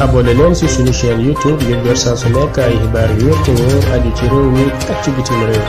abonné leen ci suñu chaîne YouTube ngir jot su nekk ay xibaar yu wér te wóor aju ci réew mi bitim réew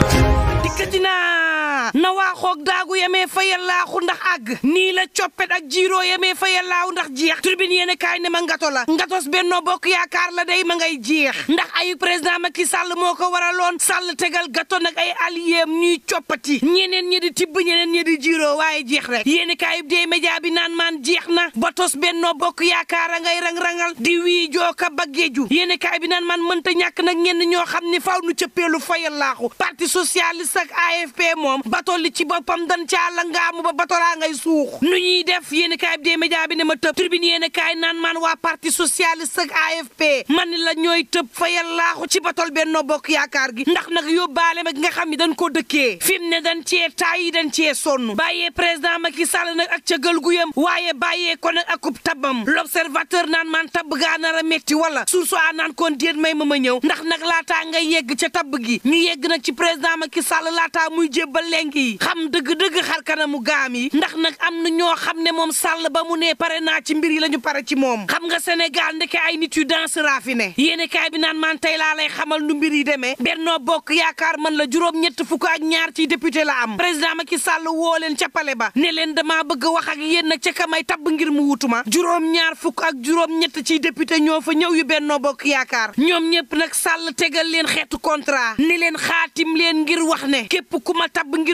na waaxoog daagu yamee fa yallaaxu ndax àgg nii la coppet ak jiiroo yamee fa yallaaw ndax jeex turbine yéen ne ma ngato la ngatos bennoo bokk yaakaar la day ma ngay jeex ndax ayu président Macky Sall moo ko waraloon sàll tegal gato nag ay alliéem ñuy coppati ñeneen ñi di tibb ñeneen ñi di jiiroo waaye jeex rek yéen kaay dee média bi naan maan jeex na ba tos bennoo bokk yaakaar a ngay rang-rangal di wii jooka baggeeju yéen kaay bi naan maan mënta ñàkk nag ñenn ñoo xam ni faaw nu cëppeelu fa yallaaxu parti socialiste ak AFP moom bato li ci boppam dan caa la ngaamu ba batoraa ngay suux nu ñuy def yéen kaay bi dee média bi ne ma tëb tribune yéen kaay naan maan waa parti socialiste ak AFP man ni la ñooy tëb fa yàllaaxu ci batool Benno Bokk Yaakaar gi ndax nag yóbbaale ma gi nga xam ne dañ koo dëkkee fi ne dañ cee taay yi dañ cee sonn bàyyee président Macky Sall nag ak ca gël gu yam waaye bàyyee ko nag ak kub tabam l'observateur naan maan tabb gaa nar a metti wala sursu a naan kon déet may ma ma ñëw ndax nag laataa ngay yegg ca tabb gi ñu yegg nag ci président Macky Sall laataa muy jébbal lànk yi xam dëgg-dëgg xar kanamu gaam yi ndax nag am na ñoo xam ne moom sàll ba mu nee pare naa ci mbir yi la ñu pare ci moom xam nga Sénégal ndeke ay nit yu dans raffiné yéene kaay bi naan man tey laa lay xamal nu mbir yi demee Benno Bokk Yaakaar man la juróom-ñett fukk ak ñaar ci député la am président Macky Sall woo leen ca pale ba ne leen damaa bëgg wax ak yéen nag ca kamay tabb ngir mu wutuma juróom-ñaar fukk ak juróom-ñett ci député ñoo fa ñëw yu Benno Bokk Yaakaar ñoom ñëpp nag Sall tegal leen xeetu contrat ne leen xaatim leen ngir wax ne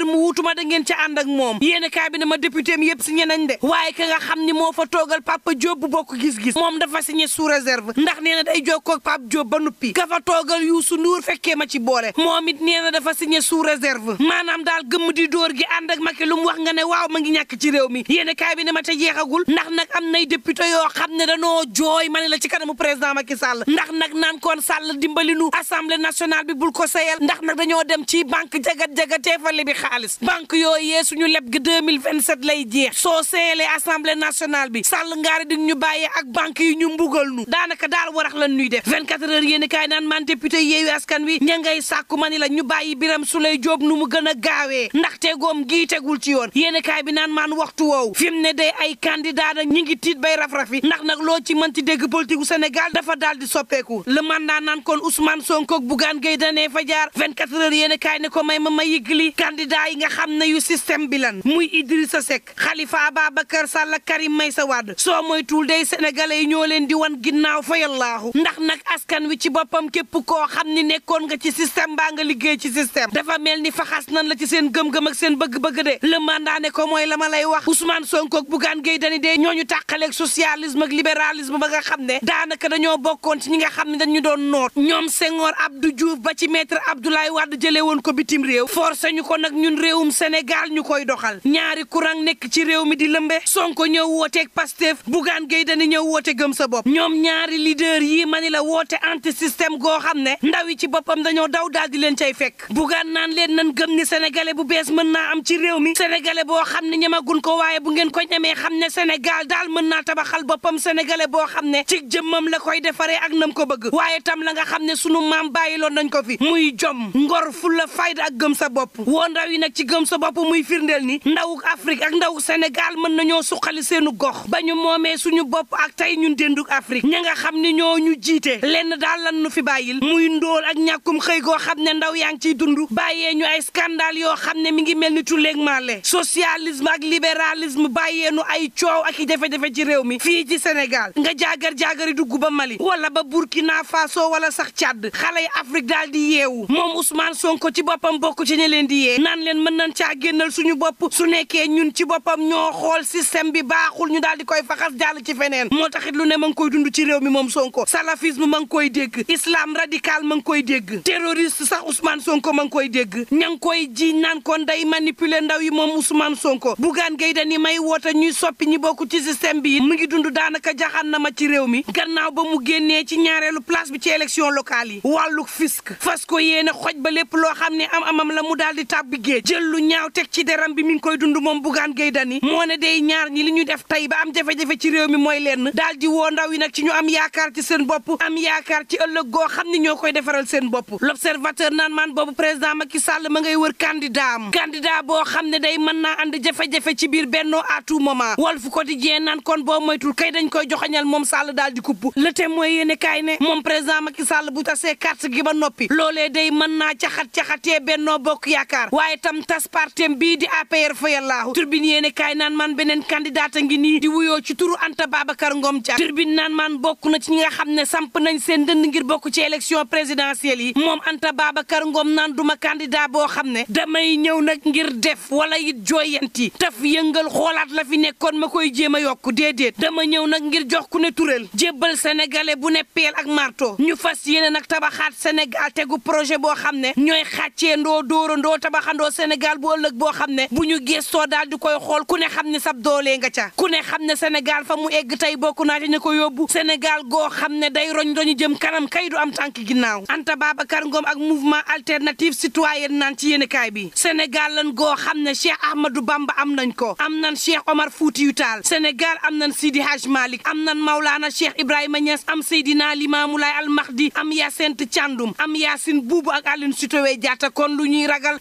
mu wutuma da ngeen ci ànd ak moom yéen kaay bi ne ma député mi yëpp signé nañ de waaye ka nga xam ni moo fa toogal Papa Diop bu bokk gis-gis moom dafa signé sous réserve ndax nee na day jokkoo ak Pape Diop ba nuppi ka fa toogal Youssou Ndour fekkee ma ci boole moom it nee na dafa signé sous réserve maanaam daal gëmm di door gi ànd ak Macky lu mu wax nga ne waaw ma ngi ñàkk ci réew mi yéen kaay bi ne ma te jeexagul ndax nag am nay député yoo xam ne danoo jooy ma ne la ci kanamu président Macky ndax nag naan koon Sall dimbali nu assemblée nationale bi bul ko sayal ndax nag dañoo dem ci banque jagat jagat teefale bi xaalis banque yooyu yee suñu leb gi 2027 lay jeex soo seelee assemblée nationale bi sàll ngaari di ñu bàyyee ak banque yi ñu mbugal nu daanaka daal warax lan ñuy def 24 heures yéen kaay naan man député wi ña ngay sàkku ma la ñu bàyyi Biram Souleye Diop nu mu gën a gaawee ndaxte goom gii tegul ci yoon yéen kaay bi naan maan waxtu woowu fi ne day ay candidat nag ñi ngi tiit bay raf ndax nag loo ci mënti dégg politique u Sénégal dafa daal soppeeku le mandat naan kon ay yi nga xam ne yu système bi lan muy Idrissa Seck Khalifa Ababacar Sall Karim sa Wade soo moytuwul day sénégalais yi ñoo leen di wan ginnaaw fayallaahu ndax nag askan wi ci boppam képp koo xam ni nekkoon nga ci système baa nga liggéey ci système dafa mel ni faxas nan la ci seen gëm-gëm ak seen bëgg-bëgg de le mandat ne ko mooy la ma lay wax Ousmane Sonko ak Bougane Gueye Dany de ñooñu tàqaleeg socialisme ak libéralisme ba nga xam ne daanaka dañoo bokkoon ci ñi nga xam ne dañu doon noot ñoom Senghor Abdou Diouf ba ci maître Abdoulaye Wade jëlee woon ko bitim réew forcé ñu ko nag ñun yeneen réewum Sénégal ñu koy doxal ñaari courant nekk ci réew mi di lëmbe Sonko ñëw wooteeg Pastef Bougane Gueye Dany ñëw woote gëm sa bopp ñoom ñaari leader yi mani la woote anti système goo xam ne ndaw yi ci boppam dañoo daw daal di leen cay fekk Bougane naan leen nan gëm ni sénégalais bu bees mën naa am ci réew mi sénégalais boo xam ne ñemagun ko waaye bu ngeen ko ñemee xam ne Sénégal daal mën naa tabaxal boppam sénégalais boo xam ne ci jëmmam la koy defaree ak nam ko bëgg waaye tam la nga xam ne sunu maam bàyyiloon nañ ko fi muy jom ngor fu la fayda ak gëm sa bopp yi nag ci gëm sa bopp muy firndeel ni ndawuk Afrique ak ndawuk Sénégal mën nañoo suqali seenu gox ba ñu moomee suñu bopp ak tey ñun dénduk Afrique ña nga xam ne ñoo ñu jiite lenn daal lan nu fi bàyyil muy ndóol ak ñàkkum xëy goo xam ne ndaw yaa ngi ciy dund bàyyee ñu ay scandale yoo xam ne mi ngi mel ni tulleeg maale socialisme ak libéralisme bàyyee ñu ay coow ak i jafe-jafe ci réew mi fii ci Sénégal nga jaagar jaagari dugg ba Mali wala ba Burkina Faso wala sax Tchad xale yi Afrique di yeewu moom Ousmane ci boppam bokk ci leen leen mën nañ caa génnal suñu bopp su nekkee ñun ci boppam ñoo xool système bi baaxul ñu daal di koy faxas jàll ci feneen moo taxit lu ne ma ngi koy dund ci réew mi moom Sonko salafisme ma ngi koy dégg islam radical ma ngi koy dégg terroriste sax Ousmane Sonko ma ngi koy dégg ña ngi koy ji naan kon day manipuler ndaw yi moom Ousmane Sonko bugaan gay ni may woote ñuy soppi ñi bokk ci système bi mu ngi dund daanaka jaxaan na ma ci réew mi gannaaw ba mu génnee ci ñaareelu place bi ci élection locale yi wàllu fisc fas loo xam ne am amam la mu daal humilier jël lu ñaaw teg ci deram bi mi ngi koy dund moom Bougane gay Dany moo ne day ñaar ñi li ñu def tey ba am jafe-jafe ci réew mi mooy lenn daal di woo ndaw yi nag ci ñu am yaakaar ci seen bopp am yaakaar ci ëllëg goo xam ni ñoo koy defaral seen bopp l'observateur naan maan boobu président Macky Sall ma ngay wër candidat am candidat boo xam ne day mën naa ànd jafe-jafe ci biir bennoo à tout moment ko di naan kon boo moytul kay dañ koy joxañal moom Sall daal di kupp le témoin yéene kaay ne moom président Macky Sall bu tasee carte gi ba noppi loolee day mën naa caxat caxatee bennoo bokk yaakaar waaye itam tas partem bii di APR fa yàllaahu turbine yéene kaay naan man beneen candidat ngi nii di wuyoo ci turu Anta Babacar ngoom Dia turbine naan man bokk na ci ñi nga xam ne samp nañ seen dënd ngir bokk ci élection présidentielle yi moom Anta Babacar ngoom naan duma kandidaa boo xam ne damay ñëw nag ngir def wala it jooyanti taf yëngal xoolaat la fi nekkoon ma koy jéem a yokk déedéet dama ñëw nag ngir jox ku ne tural jébbal sénégalais bu neppeel ak marto ñu fas yéene nag tabaxaat Sénégal tegu projet boo xam ne ñooy xàcceendoo dóorandoo tabaxandoo Sénégal bu ëllëg boo xam ne bu ñu gëstoo daal di koy xool ku ne xam ne sab doolee nga ca ku ne xam ne Sénégal fa mu egg tey bokk naa ci ñu ko yóbbu Sénégal goo xam ne day roñ roñu jëm kanam kay du am tànk ginnaaw Anta Babacar ngoom ak mouvement alternative citoyenne naan ci kaay bi Sénégal lan goo xam ne Cheikh Ahmadou Bamba am nañ ko am nañ Cheikh Omar Foutiyou Tall Sénégal am nañ Sidi Hadj Malick am nan Maulana Cheikh Ibrahima Niass am Seydina Limamou Laye Al Mahdi am Hyacinthe am Yacine Boubou ak Aline Sitoé Diatta kon lu ñuy ragal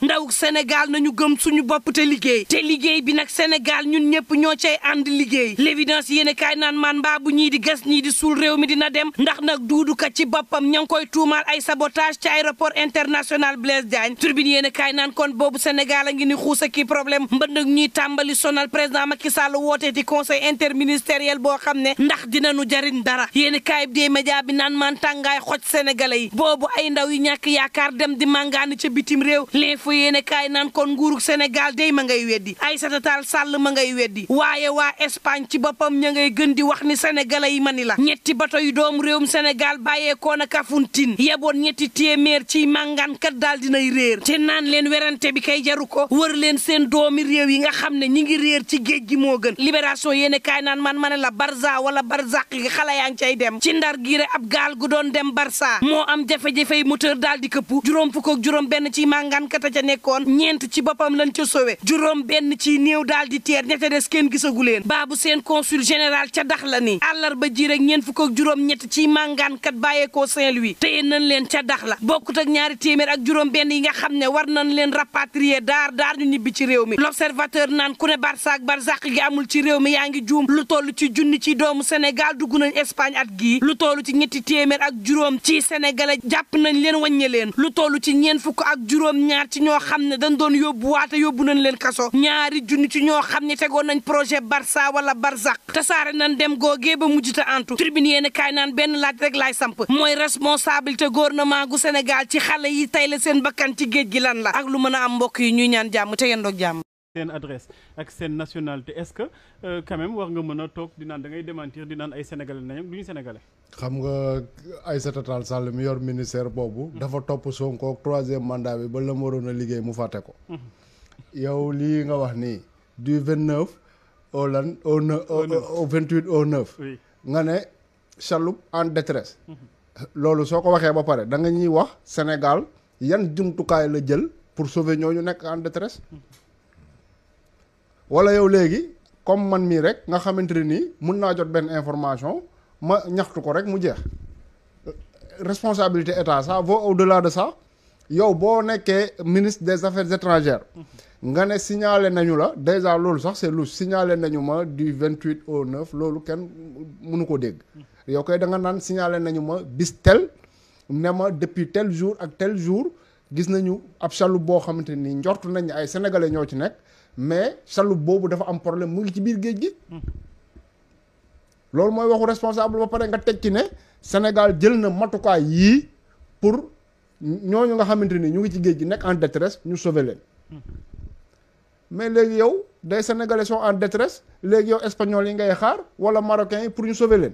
Sénégal nañu gëm suñu bopp te liggéey te liggéey bi nag Sénégal ñun ñëpp ñoo cay ànd liggéey l'évidence yéene kaay naan man mbaa bu ñii di gas ñii di suul réew mi dina dem ndax nag duudu ka ci boppam ña ngi koy tuumaal ay sabotage ci aéroport international Blaise Diagne turbine yéene kaay naan kon boobu Sénégal a ngi ni xuusa ki problème mbënd ak ñuy tàmbali sonal président Macky Sall wootee ci conseil interministériel boo xam ne ndax dinañu jarin dara yéene kaay bi dee média bi naan man tàngaay xoj sénégalais yi boobu ay ndaw yi ñàkk yaakaar réew naan kon nguurug Sénégal day ma ngay weddi ay Tall sàll ma ngay weddi waaye waa Espagne ci boppam ña ngay gën di wax ni sénégalais yi ni la ñetti bato yu doomu réewum Sénégal bàyyeekoo na Kafountine yeboon ñetti téeméer ci màngaankat daal nay réer ci naan leen werante bi kay jaru ko wër leen seen doomi réew yi nga xam ne ñi ngi réer ci géej gi moo gën libération yéene kaay naan man ma ne la barza wala barzaq gi xale yaa ngi cay dem ci ndar giire ab gaal gu doon dem barsa moo am jafe-jafey daal di këpp juróom fukk ak benn ci màngaankat a ca nekkoon ñeent ci boppam lañ ca sowe juróom benn ci néew daal di teer ñetta des kenn gisagu leen baabu seen consul général ca dax la ni àllarba ji rek ñeent fukk ak juróom ñett ci màngaankat bàyyeekoo Saint-Louis téye nañ leen ca dax la bokkut ak ñaari téeméer ak juróom benn yi nga xam ne war nañ leen rapatrier daar daar ñu nibbi ci réew mi l'observateur naan ku ne barsaak barzaq gi amul ci réew mi yaa ngi juum lu toll ci junni ci doomu Sénégal dugg nañ Espagne at gii lu toll ci ñetti téeméer ak juróom ci sénégalais jàpp nañ leen wàññe leen lu toll ci ñeent fukk ak juróom ñoo xam ne leen yóbbu yóbbuwaate yóbbu nañ leen kaso ñaari junni ci ñoo xam ne tegoon nañ projet Barça wala Barzak tasaare nañ dem googee ba mujjta antu tribune yéen kaay naan benn laaj rek laay samp mooy te gouvernement gu Sénégal ci xale yi tey la seen bakkan ci géej gi lan la ak lu mën a am mbokk yi ñuy ñaan jàmm te yendoog jàmm seen adresse ak seen national est-ce que euh, quand même nga mën a toog di naan da ngay démentir di naan ay sénégalais nañu du ñu sénégalais. xam nga Aïssata Tall Sall mi yor ministère boobu. dafa topp Sonko troisième mandat bi ba la mu waroon liggéey mu fàtte ko. yow lii nga wax nii du vingt neuf au lan au au vingt huit au neuf. nga ne Chaloup en détresse loolu soo ko waxee ba pare danga nga ñuy wax Sénégal yan jumtukaay la jël pour sauver ñooñu nekk en détresse wala yow léegi comme man mii rek nga xamante ne nii mun naa jot benn information ma ñaxtu ko rek mu jeex responsabilité état ça vaut au-delà de ça yow boo nekkee ministre des affaires étrangères nga ne signalé nañu la déjà loolu sax c'est lu signalé nañu ma du 28 au 9 loolu kenn munu ko dégg yow koy da nga naan signale nañu ma bis tel ne ma depuis tel jour ak tell jour gis nañu ab chaloupe boo xamante ni njort nañ ay sénégalais ñoo ci nekk mais chaloupe boobu dafa am problème mu ngi ci biir géej gi. loolu mooy waxu responsable ba pare nga teg ci ne Sénégal jël na matukaay yii pour ñooñu nga xamante ni ñu ngi ci géej gi nekk en détresse ñu sauver leen. mais léegi yow des sénégalais sont en détresse léegi yow espagnol yi ngay xaar wala marocains yi pour ñu sauver leen.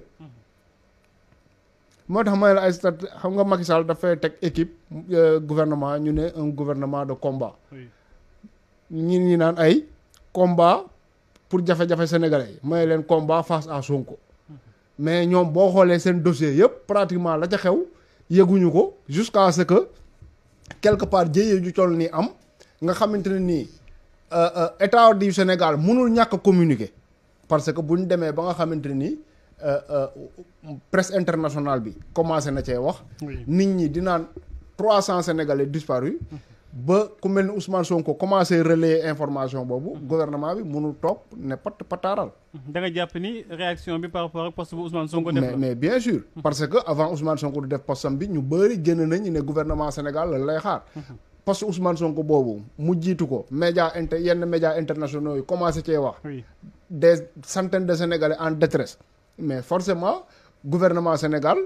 moo tax may la ay stat xam nga Macky Sall dafay teg équipe euh, gouvernement ñu ne un gouvernement de combat. ñi ñi naan ay combat pour jafe-jafe sénégalais yi leen combat face à Sonko mais ñoom boo xoolee seen dossier yëpp pratiquement la ca xew yëguñu ko jusqu'à ce que quelque part jëyee ju toll nii am nga xamante ne nii euh, euh, état du Sénégal mënul ñàkk communiquer parce que bu demee ba nga xamante ne nii euh, presse internationale bi commencé na cee wax. nit ñi di naan trois cents sénégalais disparus. ba ku mel ni Ousmane Sonko commencé relayer information boobu. gouvernement bi munu toog ne pat pataaral. da nga jàpp ni réaction bi par rapport ak poste bu Ousmane Sonko. def mais mais bien sûr. parce que avant Ousmane Sonko di def poste am bi ñu bëri jënd nañu ne gouvernement Sénégal la lay xaar. poste Ousmane Sonko boobu mu jiitu ko. média inter yenn média internationaux yi commencé cee wax. des centaines de Sénégalais en détresse mais forcément gouvernement Sénégal.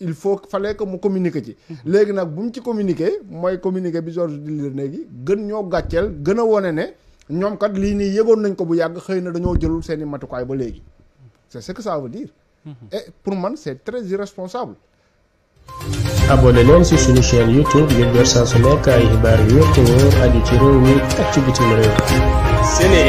il faut fallait que mu communiquer ci. Mhm. léegi nag bu mu ci communiquer mooy communiquer bi Georges di lire gën ñoo gàcceel gën a wone ne ñoom kat lii nii yëgoon nañ ko bu yàgg xëy na dañoo jëlul seeni matukaay ba léegi c'est ce que ça veut dire. Mhm. et pour man c'est très irresponsable. abonné leen ci suñu chaîne YouTube ngir jot saa su nekk ay xibaar yu wér te wóor aju ci réew mi ak ci bitim réew.